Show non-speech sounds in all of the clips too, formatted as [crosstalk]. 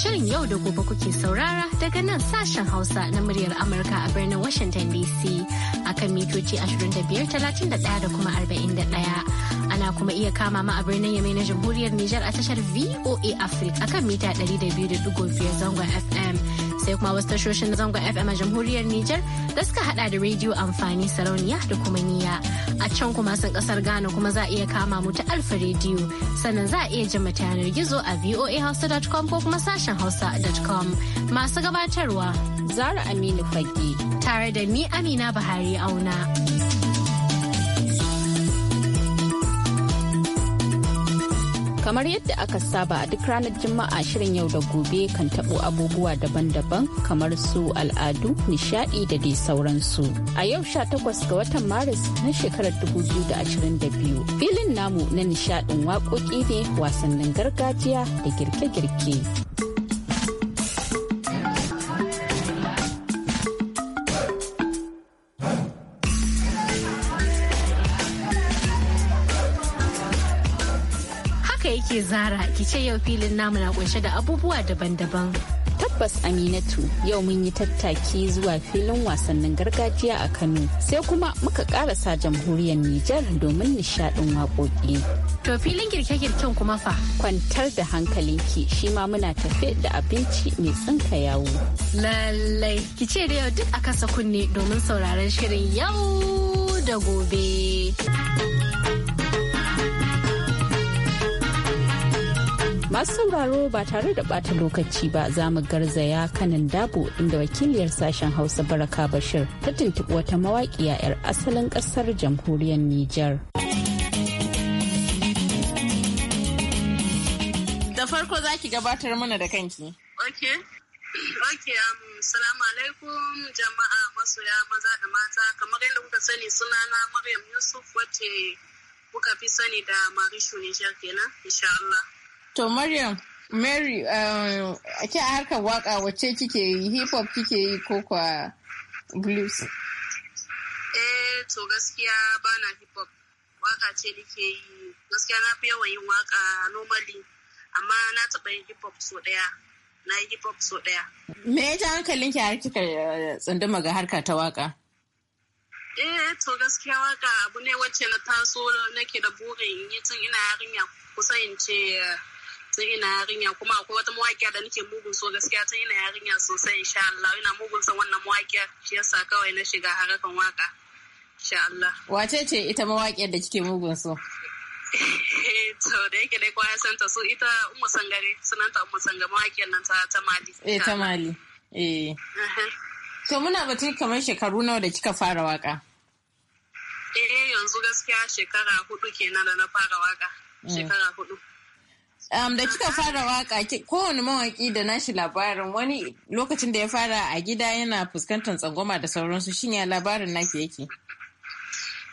Shirin yau da gobe kuke saurara daga nan sashen Hausa na muryar Amurka a birnin Washington DC akan mitoci 25, 31 da kuma 41. kuma iya kama ma a birnin Yamai na Jamhuriyar Nijar a tashar VOA Africa akan mita 200.5 zangon FM. Sai kuma wasu tashoshin na zangon FM a Jamhuriyar Nijar da suka hada da rediyo amfani sarauniya da kuma niya. A can kuma sun kasar Ghana kuma za a iya kama mu ta Alfa rediyo sannan za a iya jin mata yanar gizo a voahausa.com ko kuma sashen hausa.com. Masu gabatarwa Zara Aminu Fage tare da ni Amina Buhari Auna. Kamar yadda aka saba a duk ranar Juma'a shirin yau da gobe kan tabo abubuwa daban-daban kamar su al'adu, nishadi da dai sauransu. A yau sha takwas ga watan Maris na shekarar da biyu filin namu na nishadin waƙoƙi ne wasannin gargajiya da girke-girke. haka yake zara ki ce yau filin namu na kunshe da abubuwa daban-daban tabbas aminatu yau mun yi tattaki zuwa filin wasannin gargajiya a kano sai kuma muka karasa jamhuriyar nijar domin nishadin waƙoƙi to filin girke-girken kuma fa kwantar da hankalinki shi ma muna tafe da abinci mai tsinka yawo lallai ki ce da yau duk a kasa kunne domin sauraron shirin yau da gobe. Masu sauraro ba tare da bata lokaci ba za mu garzaya kanin dabo inda wakiliyar sashen Hausa Baraka Bashir ta tuntuɓi wata mawaƙiya 'yar asalin ƙasar jamhuriyar Nijar. Da farko za ki gabatar mana da kanki. ok um, salamu alaikum jama'a masoya maza da mata kamar yadda kuka sani sunana Maryam Yusuf wacce kuka fi sani da Marishu Nijar kenan insha To Maryam, Mary, um, a ke a harkar waka wacce kike yi hip hop kike yi ko kwa blues? Eh to gaskiya ba na hip hop waka ce nike yi gaskiya na fi yawan yin waka normally amma na taɓa yin hip hop so ɗaya na yi hip hop so ɗaya. Me ya ji hankalin ki har kika eh, tsunduma ga harka ta waka? Eh to gaskiya waka abu ne wacce na taso nake da burin yi tun ina yarinya kusa in ce eh, tun ina yarinya kuma akwai wata mawaƙiya da nake mugun so gaskiya tun ina yarinya sosai insha Allah ina mugun san wannan mawaƙiya shi yasa kawai na shiga harakan waka insha Allah wace ce ita mawaƙiyar da kike mugun so eh, to da yake dai kwaya ya santa so ita umma sangare ta umma sanga mawaƙiyar nan ta ta mali eh ta mali eh uh-huh. to muna batun kamar shekaru nawa da kika fara waka eh yanzu gaskiya shekara hudu kenan da na fara waka mm. shekara hudu Um, da kika fara waka kowane mawaki da nashi labarin wani lokacin da ya fara a gida yana fuskantar tsangwama da sauransu shin ya labarin naki yake?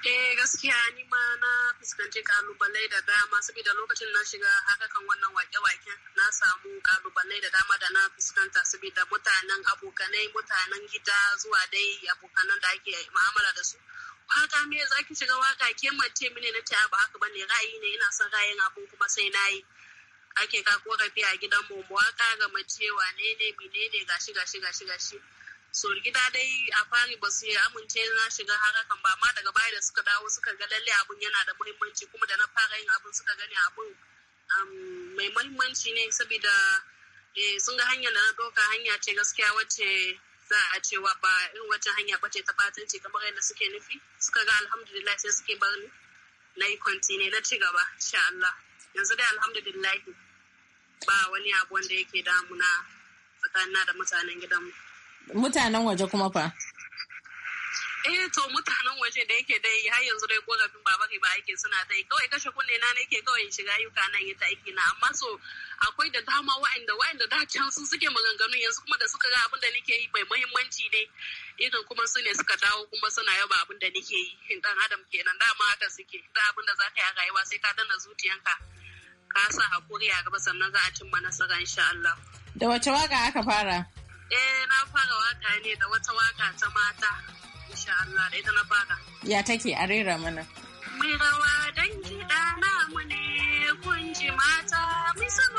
Eh gaskiya ni ma na fuskanci kalubalai da dama saboda lokacin na shiga hakakan wannan wake-waken na samu kalubalai da dama da na fuskanta saboda mutanen abokanai mutanen gida zuwa dai abokanan da ake mu'amala da su haka me za shiga waka ke mace mene na ta ba haka bane ra'ayi ne ina son ra'ayin abu kuma sai na yi ake ka korafi a gidan mu mu waka ga cewa ne ne ne ne gashi gashi gashi gashi so gida dai a fari ba su amince na shiga harakan ba Ma daga baya da suka dawo suka ga lalle abun yana da muhimmanci kuma da na fara yin abun suka gani abun um, mai muhimmanci ne saboda eh, sun ga hanyar da na doka hanya ce gaskiya wacce za a cewa ba irin wacce hanya ba ce ta batanci kamar yadda suke nufi suka ga alhamdulillah sai suke bar ni na yi kwanti na ci gaba insha Allah yanzu dai alhamdulillah ba wani abu wanda yake damuna tsakanina da mutanen gidanmu. Mutanen waje kuma fa? eh to mutanen waje da yake dai har yanzu dai korafin baba kai ba yake suna ta kawai kashe kunne na ne yake kawai shiga yuka nan yi ta aiki na amma so akwai da dama wa'anda wa'anda da can sun suke maganganu. yanzu kuma da suka ga abin da nake yi mai muhimmanci ne irin kuma su ne suka dawo kuma suna yaba abin da nake yi dan adam kenan dama haka suke da abin da zaka yi a rayuwa sai ka danna zuciyanka. ka sa hakuri a gaba sannan za a cimma nasara insha Allah. Da wace waka aka fara? Eh na fara waka ne da wata waka ta mata insha Allah da ita na fara. Ya take a rera mana. Mai rawa dangi ɗana mu ne kun ji mata mu sama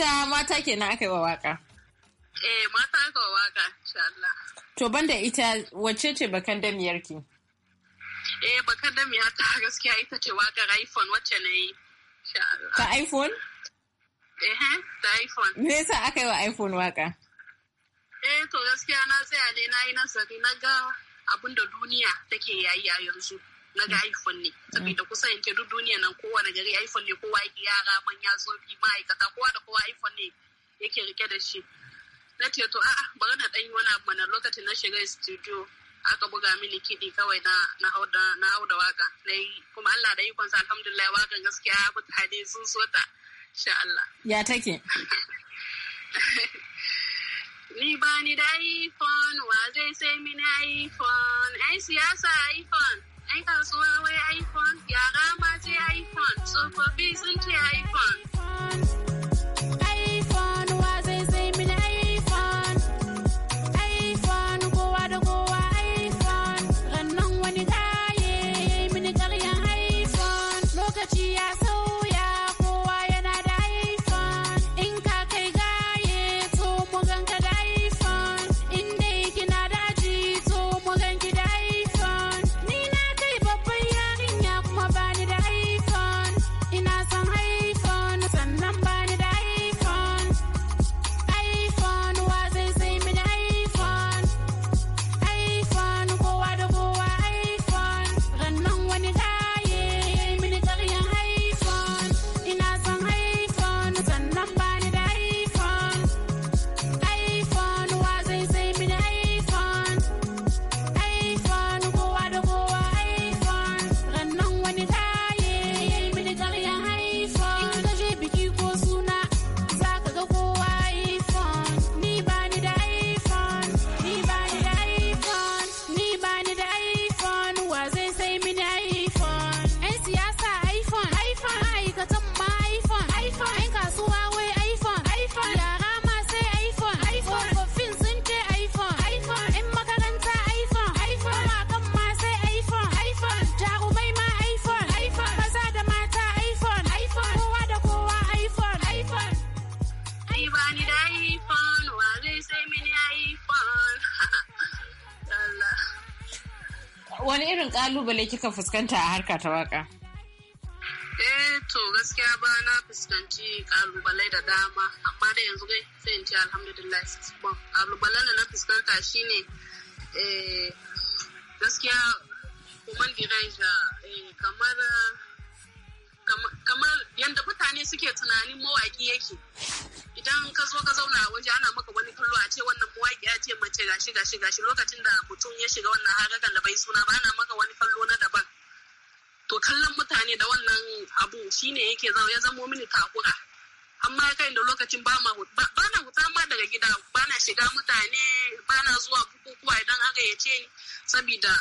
mata mata kenan aka yi wa waka. Eh mata aka wa waka insha Allah. To banda ita wacce ce bakan damiyar ki? Eh bakan damiya ta gaskiya ita ce wakar iPhone wacce na yi. Ta iPhone? Eh, eh ta iPhone. Me yasa aka yi wa iPhone waka? Eh to gaskiya na tsaya ne na yi nazari na ga abin da duniya take yayi a yanzu. na ga iphone ne saboda kusan in duk duniya nan kowane gari iphone ne kowa yake yara manya tsofi ma'aikata kowa da kowa iphone ne yake rike da shi na ce to a'a bari na ɗan yi wani abu mana lokacin na shiga studio aka buga mini kiɗi kawai na na hau da na hau da waka na yi kuma Allah da ikonsa alhamdulillah wakan gaskiya mutane sun so ta insha Allah ya take [laughs] Ni ba ni da iPhone, wa zai sai mini iPhone, ai siyasa iPhone. Ai kasuwa wai iPhone, yara rama je iPhone, tsofaffi sun ce iPhone. kalubale kika fuskanta a harka ta waka? Eh to gaskiya ba na fuskanci kalubale da dama amma da yanzu gai sai in ce alhamdulillah bon kalubalen da na fuskanta shine eh gaskiya human da eh, kamar kamar yadda mutane suke tunanin mawaki yake idan ka zo ka zauna a waje ana maka wani kallo a ce wannan a ce mace gashi gashi gashi lokacin da mutum ya shiga wannan harakan da bai suna ba ana maka wani kallo na daban to kallon mutane da wannan abu shine yake ya zamo mini takura amma ya kai da lokacin ba ma ba na huta ma daga gida ba na shiga mutane ba na zuwa bukukuwa idan aka ya ce sabida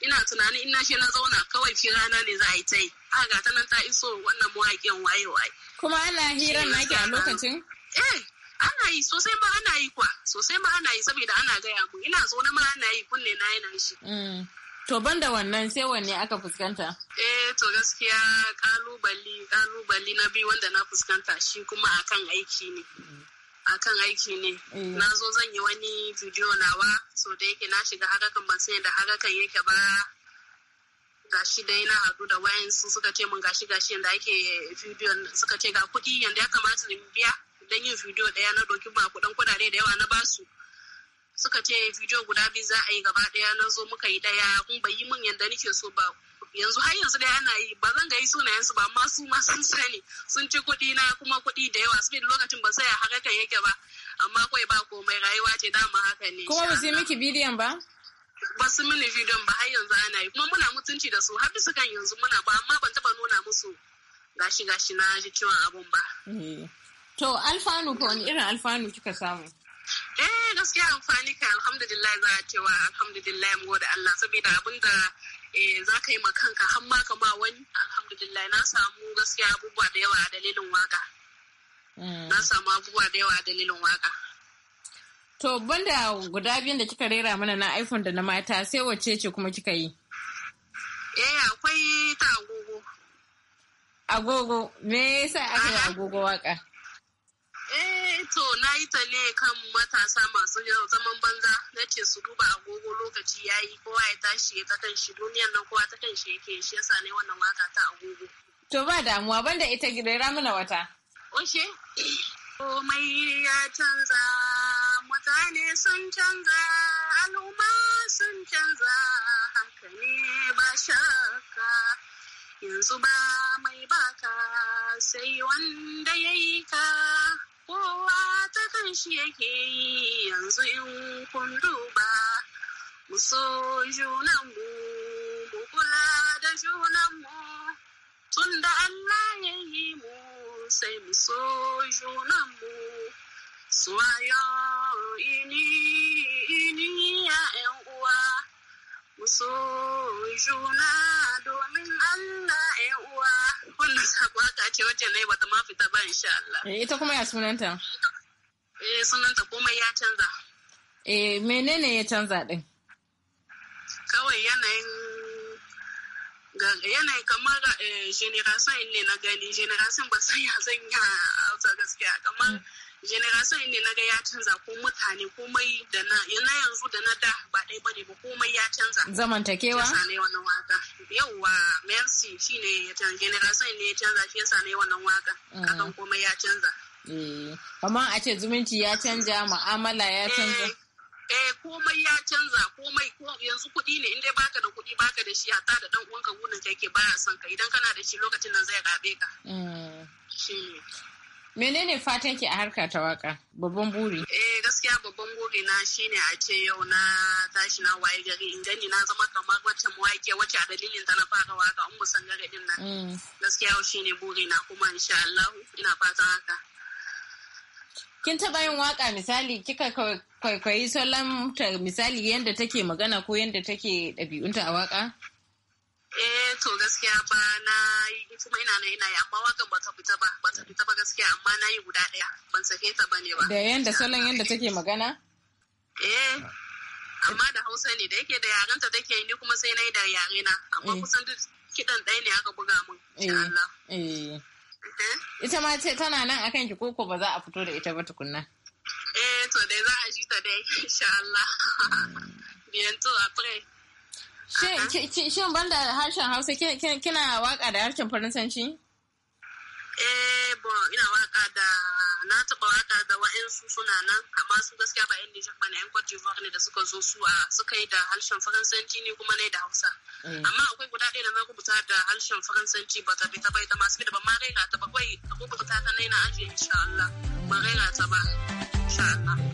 ina tunanin ina shi na zauna kawai fi rana ne za a yi ta yi aga ta nan ta iso wannan mawaƙin waye waye kuma ana hirar naki a lokacin eh ana yi sosai ma ana kwa sosai ma ana yi saboda ana gaya mu ina zo na ma kunne na yana shi mm. To ban da wannan sai wanne aka fuskanta? Eh to gaskiya kalubali kalubali na biyu wanda na fuskanta shi kuma akan aiki ne. Akan aiki ne. Mm. Na zo zan yi wani bidiyo nawa so da yake na shiga harakan ban sai da harakan yake ba gashi dai na hadu da wayansu suka ce mun gashi gashi yanda ake bidiyon suka ce ga kuɗi yanda ya kamata in biya. don yin video daya na doki ba kudin kudade da yawa na basu suka ce bidiyo guda biyu za a yi gaba ɗaya na zo muka yi daya kun bai yi min yadda nake so ba yanzu har yanzu dai ana yi ba zan ga yi sunayensu ba amma su ma sun sani sun ci kuɗi na kuma kuɗi da yawa sai lokacin ba sai haka kan yake ba amma kawai ba komai rayuwa ce dama haka ne kuma ba su yi miki bidiyon ba ba su mini bidiyon ba har yanzu ana yi kuma muna mutunci da su har bisa kan yanzu muna ba amma ban taba nuna musu gashi gashi na ji ciwon abun ba eh. To alfanu ko wani irin alfanu kika samu? Eh gaskiya amfani ka alhamdulillah za a cewa alhamdulillah mu gode Allah saboda da eh, za ka yi ma kanka har ma ka ba wani alhamdulillah na samu gaskiya abubuwa da yawa a dalilin waka. Mm. Na samu abubuwa da yawa a dalilin waka. To banda guda biyun da kika rera mana na iPhone da na mata sai wacce ce kuma kika yi? Eh akwai ta agogo. Agogo me yasa aka yi agogo waka? Eh to na yi ta ne kan matasa masu zaman banza na ce su duba agogo lokaci ya yi kowa ya tashi ya ta kan shi duniyan nan kowa ta kan shi yake shi ya sa ne wannan waka ta agogo. To ba damuwa banda ita rera mana wata. Oshe. Komai ya canza mutane sun canza al'umma sun canza haka ne ba shakka. yanzu ba mai baka sai wanda ya yi ka kowa ta kan shi yake yi yanzu in kun duba mu so junanmu mu kula da junanmu tun da Allah ya yi mu sai mu so junanmu soyayen ini ini ya uwa mu so juna don Allah ya uwa wannan sakwaka ce wacce na yi bata ma fita ba insha Allah. Eh, ita kuma ya sunanta? Eh sunanta kuma ya canza. Eh menene ya canza din? Kawai yanayin yanayi kamar eh, generation ne na gani generation ba san ya zan a gaskiya kamar mm. generation ne na ga ya canza ko mutane komai da na yanzu da na da ba ɗaya bane ba komai ya canza zamantakewa ya ne wannan waka yauwa mercy shine ya canza generation ne ya canza shi ya ne wannan waka mm. akan komai ya canza eh kamar a ce zumunci ya canza, mu'amala ya canza. eh, eh komai ya canza komai ko yanzu kuɗi ne in dai baka da kuɗi baka da shi hatta da dan uwanka gudun ka yake baya son ka idan kana da shi lokacin nan zai gabe ka mm. Menene fatan ki a harka ta waka? Babban buri. Eh gaskiya babban buri na shine a ce yau na tashi na waye gari in gani na zama kamar wacce mawaƙi wacce a dalilin ta na fara waka in musan gari din nan. Mm. Gaskiya yau shine buri na kuma insha Allah ina fatan haka. Kin taɓa yin waka misali kika kwaikwayi salon misali yadda take magana ko yadda take ɗabi'unta a waka? eh to gaskiya ba na yi kuma ina na ina yi amma wakan ba ta fita ba ba ta fita ba gaskiya amma na yi guda daya ban sake ta ba ne ba da yanda salon yanda take magana eh amma da hausa ne da yake da yaren ta take ni kuma sai na yi da yare na amma eh. kusan duk kidan ɗaya ne aka buga min insha eh, Allah eh. eh ita ma ce tana nan akan ki koko ba za a fito da ita ba tukunna eh to dai za a ji ta dai [laughs] insha Allah mm. bientôt après Shin banda harshen Hausa kina waka da harshen Faransanci? Eh, bo ina waka da na taɓa waka da wa'ansu suna nan amma su gaskiya ba 'yan Nijar ba ne 'yan Cote d'Ivoire ne da suka zo su a suka yi da harshen Faransanci ne kuma ne da Hausa. Eh. Amma akwai guda ɗaya da na rubuta da harshen Faransanci ba ta ta bai ta masu bi da ban ma raina ta ba kawai rubuta ta na yi ajiye insha Allah ban raina ta ba insha Allah.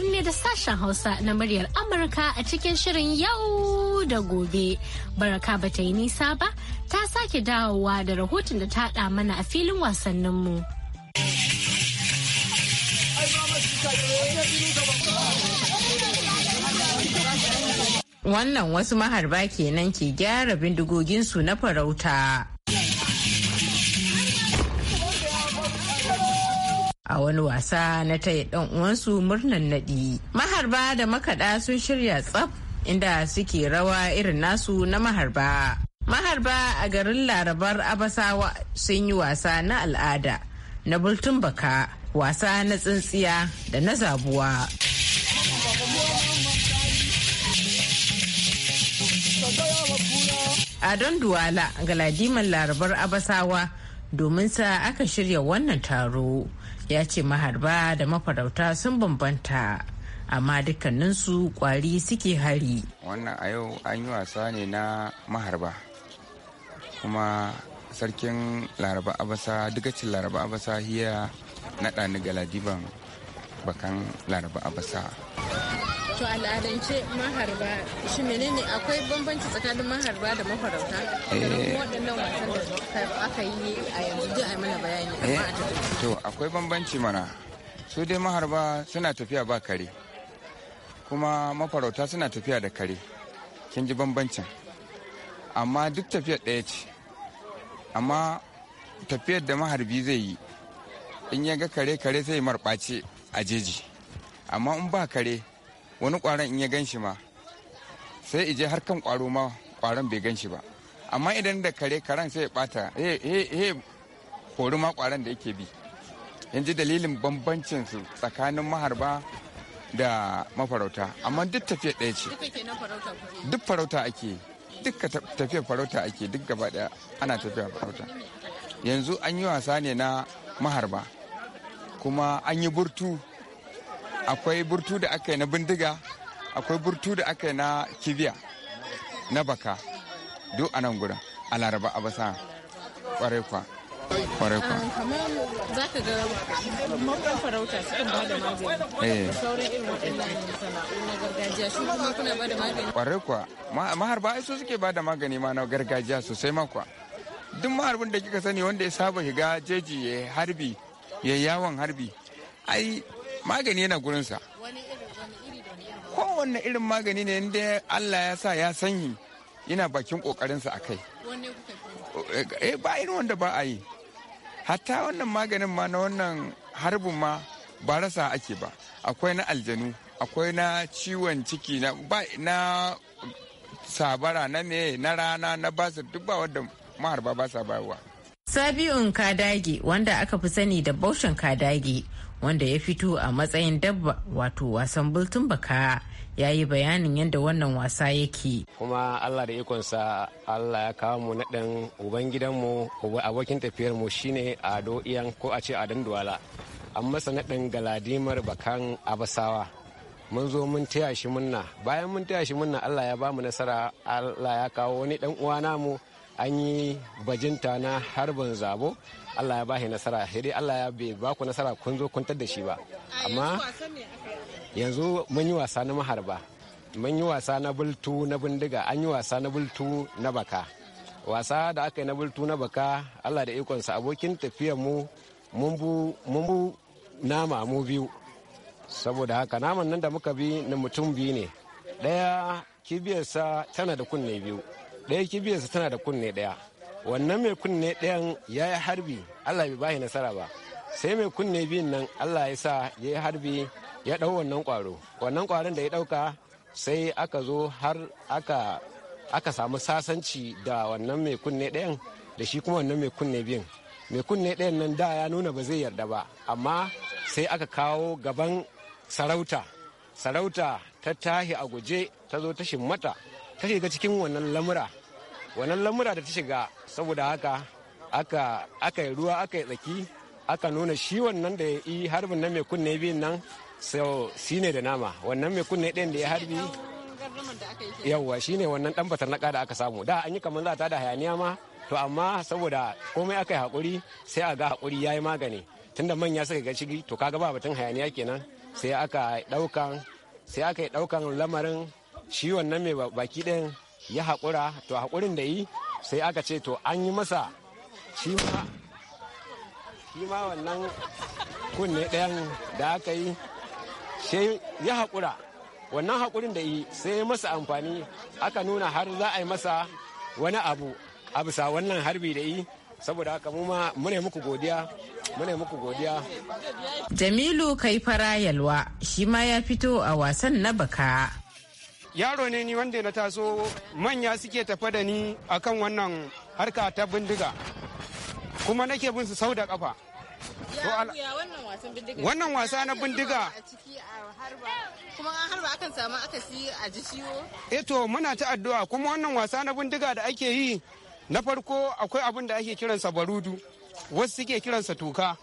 Kamar ne da sashen Hausa na muryar Amurka a cikin shirin yau da gobe. Baraka ba ta yi nisa ba, ta sake dawowa da rahoton da ta haɗa mana a filin wasanninmu. Wannan wasu maharba kenan ke gyara bindigoginsu na farauta. a wani wasa na taya ɗan uwansu murnan naɗi. Maharba da makaɗa sun shirya tsaf inda suke rawa irin nasu na maharba. Maharba a garin Larabar Abasawa sun yi wasa na al'ada, na bultun baka, wasa na tsintsiya da na zabuwa. A don duwala ga Larabar Abasawa domin sa aka shirya wannan taro. ya ce maharba da mafarauta sun bambanta amma dukkaninsu kwari suke hari wannan a yau an yi wasa ne na maharba kuma sarkin laraba abasa dukacin laraba abasa hiya naɗa ni galadiban bakan laraba abasa To al'adance maharba shi menene akwai bambanci tsakanin maharba da mafarauta? Eh. Waɗannan wasan da aka yi a yanzu duk a mana bayani a eh, To akwai bambanci mana. Su dai maharba suna tafiya ba kare. Kuma mafarauta suna tafiya da kare. Kin ji bambancin. Amma duk tafiyar ɗaya ce. Amma tafiyar da maharbi zai yi in ya ga kare kare sai marɓace a jeji amma in ba kare wani kwaron in ya gan shi ma sai ije har kan kwaro ma kwaron bai gan shi ba amma idan da kare karen sai ya bata he kori ma kwaron da yake bi yanzu dalilin bambancin su tsakanin maharba da mafarauta amma duk tafiya ɗaya ce duk farauta ake duk tafiyar farauta ake duk gaba ɗaya ana tafiya farauta yanzu an yi wasa ne na maharba kuma an yi burtu akwai burtu da aka yi na bindiga akwai burtu da aka yi na kibiya na baka duk a nan gurin a laraba a basa kwarai kwa kwarai kwa um, za ka ga makon farauta sukan ba magani eh. sauran irin waɗannan na gargajiya su kuma kuna bada magani kwarai kwa maharba ai su suke bada magani ma na gargajiya sosai ma kwa duk maharbin da kika sani wanda ya saba shiga jeji ya harbi ya yawon harbi ai magani yana gurinsa kowanne irin magani ne inda allah ya sa ya sanyi yana bakin kokarinsa a kai eh ba irin wanda ba a yi hatta wannan maganin ma na wannan harbin ma ba rasa ake ba akwai na aljanu akwai na ciwon ciki na na sabara na me na rana na basir duk ba wanda maharba ba sa bayarwa sabi'un kadage wanda aka fi sani da baushin kadage wanda ya fito a matsayin dabba wato wasan bultun baka ya yi bayanin yadda wannan wasa yake kuma allah da ikonsa allah ya kawo mu naɗin ubangidanmu abokin tafiyarmu shine ado iyan ko a ce a duwala an masa naɗin galadimar bakan abasawa mun zo mun taya shi munna bayan mun taya shi munna allah ya ba mu nasara allah ya kawo wani ɗan uwa namu an yi bajinta na harbin zabo allah ya bashi nasara sai allah ya bai baku nasara kun zo kuntar da shi ba amma yanzu mun yi wasa na maharba mun yi wasa na bultu na bindiga an yi wasa na bultu na baka wasa da aka yi na bultu na baka allah da ikonsa abokin tafiyarmu mu mun bu nama mu biyu saboda haka naman nan da muka bi na mutum biyu ne ɗaya kibiyarsa tana da kunne biyu ɗaya kibiyarsa tana da kunne ɗaya wannan mai kunne ɗayan ya yi harbi allah bai bashi nasara ba sai mai kunne biyun nan allah ya sa ya yi harbi ya ɗau wannan ƙwaro wannan ƙwaron da ya ɗauka sai aka zo har aka aka samu sasanci da wannan mai kunne ɗayan da shi kuma wannan mai kunne biyun mai kunne ɗayan nan da ya nuna ba zai yarda ba amma sai aka kawo gaban sarauta sarauta ta tahi a guje ta zo ta shimmata ta shiga cikin wannan lamura wannan lamura da ta shiga saboda haka aka yi ruwa aka yi tsaki aka nuna shi wannan da ya yi harbin nan mai kunne biyun nan sau shi ne da nama wannan mai kunne ɗin da ya harbi yawwa shi ne wannan ɗan batar naka da aka samu da an yi kamar za ta da hayaniya ma to amma saboda komai aka yi haƙuri sai a ga haƙuri ya yi magani tunda manya suka ga shigi to kaga ba batun hayaniya kenan sai aka ɗaukan yi ɗaukan lamarin shi wannan mai baki ɗin ya haƙura to haƙurin da yi sai aka ce to an yi masa shi ma shi ma wannan kunne ɗayan da aka yi sai ya haƙura wannan haƙurin da yi sai ya masa amfani aka nuna har za a yi masa wani abu a bisa wannan harbi da yi saboda haka mu ma mune muku godiya mune muku godiya jamilu kai fara yalwa shi ma ya fito a wasan na baka yaro ne ni wanda na taso manya suke tafa da ni akan wannan harka ta bindiga kuma nake bin su sau da kafa wannan wasa na bindiga kuma harba akan samu akasi a ji ciwo eto muna ta addu'a kuma wannan wasa na bindiga da ake yi na farko akwai abin da ake kiransa barudu wasu suke kiransa toka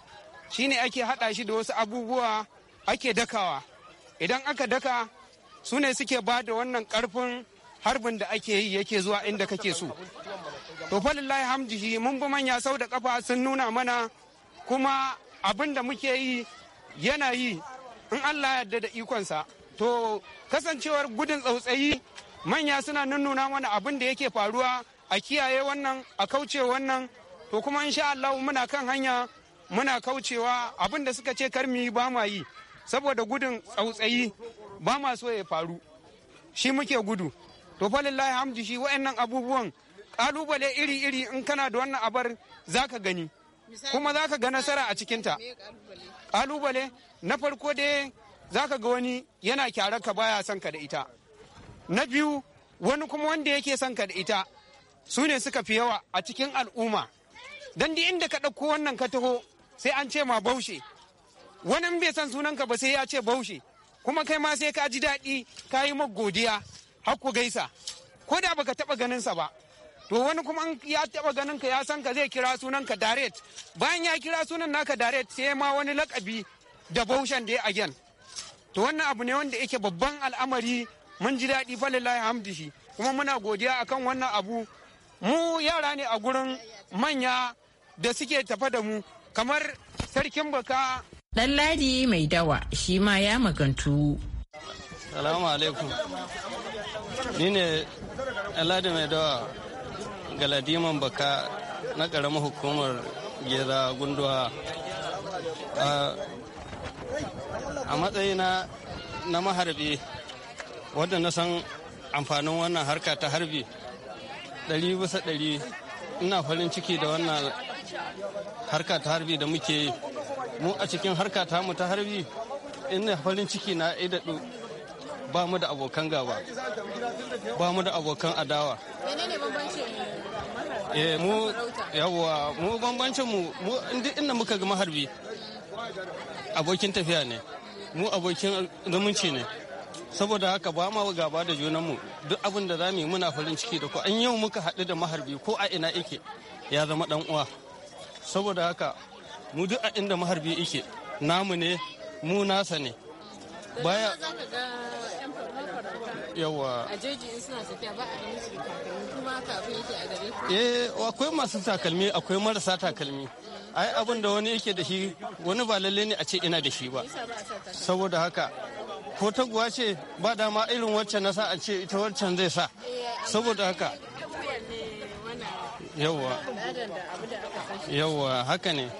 shine ake hada shi da wasu abubuwa ake dakawa idan aka daka su ne suke ba da wannan karfin harbin da ake yi yake zuwa inda kake so to falillahi hamdihi mun bi manya sau da kafa sun nuna mana kuma abin da muke yi yana yi in allah yarda da ikonsa to kasancewar gudun tsautsayi manya suna nuna mana abin da yake faruwa a kiyaye wannan a kauce wannan to kuma insha allah muna kan hanya muna kaucewa abin da suka ce karmi ba ma yi saboda gudun tsautsayi ba ma so ya faru shi muke gudu to fa lillahi hamdu shi wa'annan abubuwan kalubale iri-iri in kana da wannan abar zaka gani kuma zaka ga nasara a cikinta kalubale na farko dai zaka ga wani yana kyara ka baya son ka da ita na biyu wani kuma wanda yake son ka da ita su ne suka fi yawa a cikin al'umma don di inda ka ɗauko wannan ka taho sai an ce ma baushe wani bai san sunanka ba sai ya ce baushe kuma kai ma sai ka ji daɗi ka yi godiya har ku gaisa ko da baka taɓa ganin sa ba to wani kuma ya taɓa ganin ka ya san ka zai kira sunan ka direct bayan ya kira sunan naka direct sai ma wani lakabi da baushen da ya gyan. to wannan abu ne wanda yake babban al'amari mun ji daɗi falilahi hamdishi kuma muna godiya akan wannan abu mu yara ne a gurin manya da suke tafa da mu kamar sarkin baka Dan mai dawa shi ma ya magantu. Salamu alaikum. Ni ne Ladi mai dawa galadiman baka na ƙaramin hukumar gera gunduwa. A matsayina na maharbi wadda na san amfanin wannan harka ta harbi ɗari bisa ɗari ina farin ciki da wannan harka ta harbi da muke yi mu a cikin harka ta mu ta harbi ina farin ciki na idadu ba mu da abokan gaba ba mu da abokan adawa eh mu mu bambancin mu mu inda muka ga maharbi abokin tafiya ne mu abokin zumunci ne saboda haka ba ma gaba da junanmu duk abin da za mu yi muna farin ciki da ku an yau muka haɗu da maharbi ko a ina yake ya zama dan uwa saboda haka mu duk a inda maharbi yake namu ne mu nasa ne baya yawa a jeji in suna tafiya ba a yi takalmi kuma kafin yake a gare ku eh akwai masu takalmi akwai marasa takalmi ai abin da wani yake da shi wani ba lalle ne a ce ina da shi ba saboda haka ko guwa ce ba dama irin wacce na sa a ce ita waccan zai sa eh, saboda haka yawwa yawwa haka ne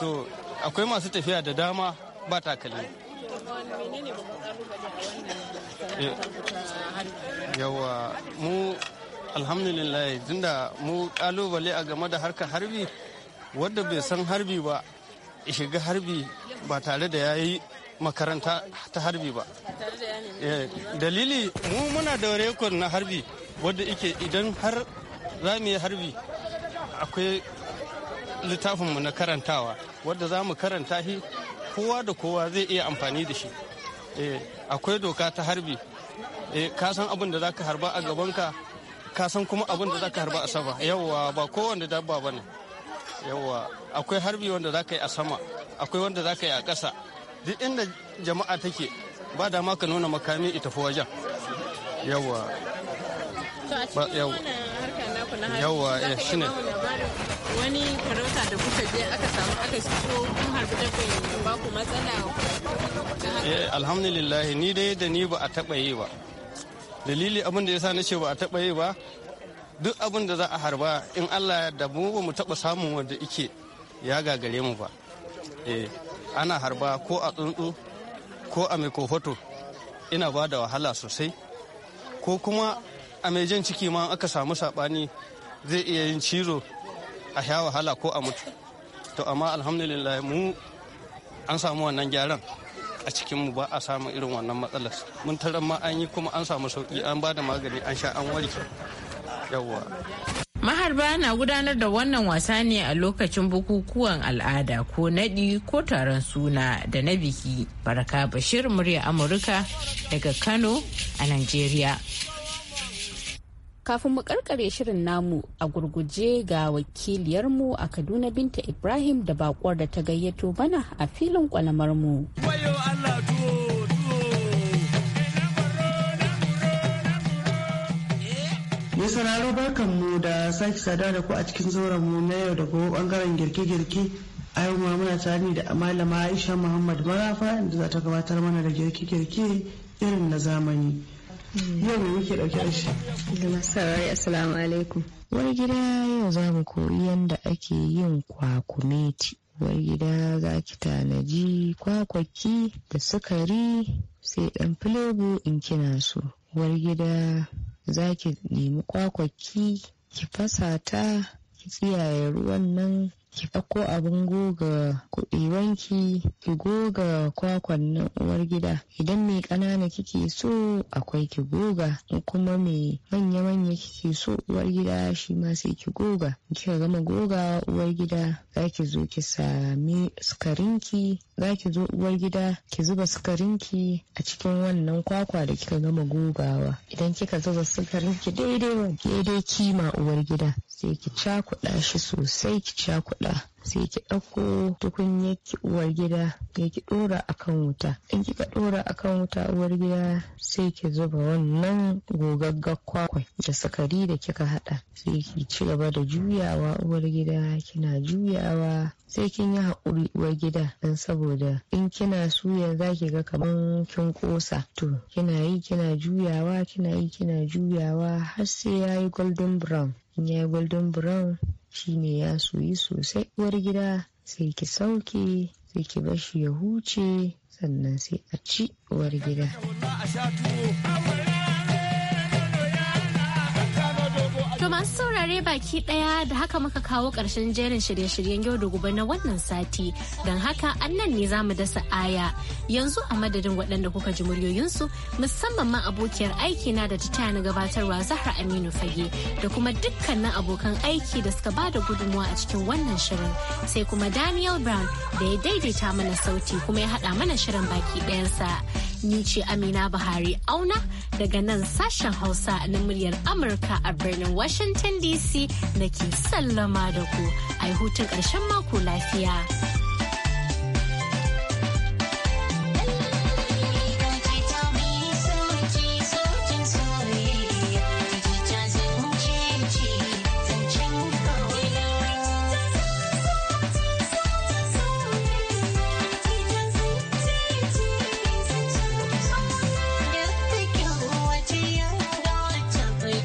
to akwai masu tafiya da dama ba takalmi yawa mu alhamdulillah tunda mu kalubale a game da harkar harbi wadda bai san harbi ba shiga harbi ba tare da ya yi makaranta ta harbi ba eh, dalili mu muna da rekod na harbi wadda ike idan har za mu yi harbi akwai littafinmu na karantawa wadda za mu karanta shi kowa da kowa zai iya amfani da shi eh, akwai doka ta harbi eh, ka san abin da za ka harba a gabanka ka san kuma abin da za ka harba a sama yawwa ba kowanne dabba ba ne yawwa akwai harbi wanda za ka yi a sama akwai wanda za ka yi a ƙasa duk inda jama'a take ba da ma ka nuna makami ita fi wajen yawwa yawwa yawwa shine wani farauta da kuka je aka samu aka shigo kun harbi dabbai ba ku matsala eh alhamdulillah ni dai da ni ba a taɓa yi ba dalili abin da yasa nace ba a taba yi ba duk abin da za a harba in Allah ya da mu ba mu taɓa samun wanda ike ya gagare mu ba eh ana harba ko a tsuntsu ko a mai kofoto ina ba da wahala sosai ko kuma a mai jan ciki ma aka samu saɓani zai iya yin cizo a sha wahala ko a mutu to amma alhamdulillah mu an samu wannan gyaran a cikin mu ba a samu irin wannan matsalar mun tarar ma an yi kuma an samu sauki an bada magani an sha an warke yawwa maharba na gudanar da wannan wasa ne a lokacin bukukuwan al'ada ko nadi ko taron suna da na biki baraka bashir murya amurka daga kano a nigeria kafin mu karkare shirin namu a gurguje ga wakiliyarmu a kaduna binta ibrahim da bakwar da ta gayyato bana a filin kwalamarmu Mai sauraro barkan mu da sake sada da ku a cikin zauren mu na yau da gobe bangaren girke-girke a yi muna tare da malama Aisha Muhammad Marafa da za ta gabatar mana da girke-girke irin na zamani. yau ne muke dauke da shi da masarar assalamu alaikum wani gida yau za mu koyi yadda ake yin kwakumeti uwar gida za ki tanaji kwakwaki da sukari sai dan filebo in kina so uwar gida za ki nemi kwakwaki ki fasa ta ki tsiyaye ruwan nan ki ɗauko abin goga kuɗi wanki ki goga kwakwan na uwar gida idan mai ƙanana kike so akwai ki goga kuma mai manya manya kike so uwar gida shi ma sai ki goga kika gama goga uwar gida za ki zo ki sami sukarinki za ki zo uwar gida ki zuba sukarinki a cikin wannan kwakwa da kika gama gogawa idan kika zuba sukarinki daidai daidai kima uwar gida sai ki cakuɗa shi sosai ki cakuɗa sai ki ɗauko tukunyar ki uwar gida sai ki ɗora akan wuta in kika ɗora akan wuta uwar gida sai ki zuba wannan gogagga kwakwai da sakari da kika haɗa sai ki ci gaba da juyawa uwar gida kina juyawa sai kin yi haƙuri uwar gida dan saboda in kina suya za ki ga kaman kin ƙosa to kina yi kina juyawa kina yi kina juyawa har sai yayi golden brown ya golden brown shine ya soyi sosai uwar gida sai ki sauke sai ki bashi ya huce sannan sai a ci uwar gida. masu saurare baki daya da haka muka kawo karshen jerin shirye-shiryen yau da gobe na wannan sati don haka an nan ne za mu dasa aya yanzu a madadin waɗanda kuka ji muryoyinsu musamman ma abokiyar aiki na da ta taya na gabatarwa zahra aminu fage da kuma dukkanin abokan aiki da suka ba da gudunmawa a cikin wannan shirin sai kuma daniel brown da ya daidaita mana sauti kuma ya haɗa mana shirin baki ɗayansa. ni ce Amina Buhari auna daga nan sashen Hausa na muryar Amurka a birnin Washington DC da ke sallama da ku. Ai hutun ƙarshen mako lafiya.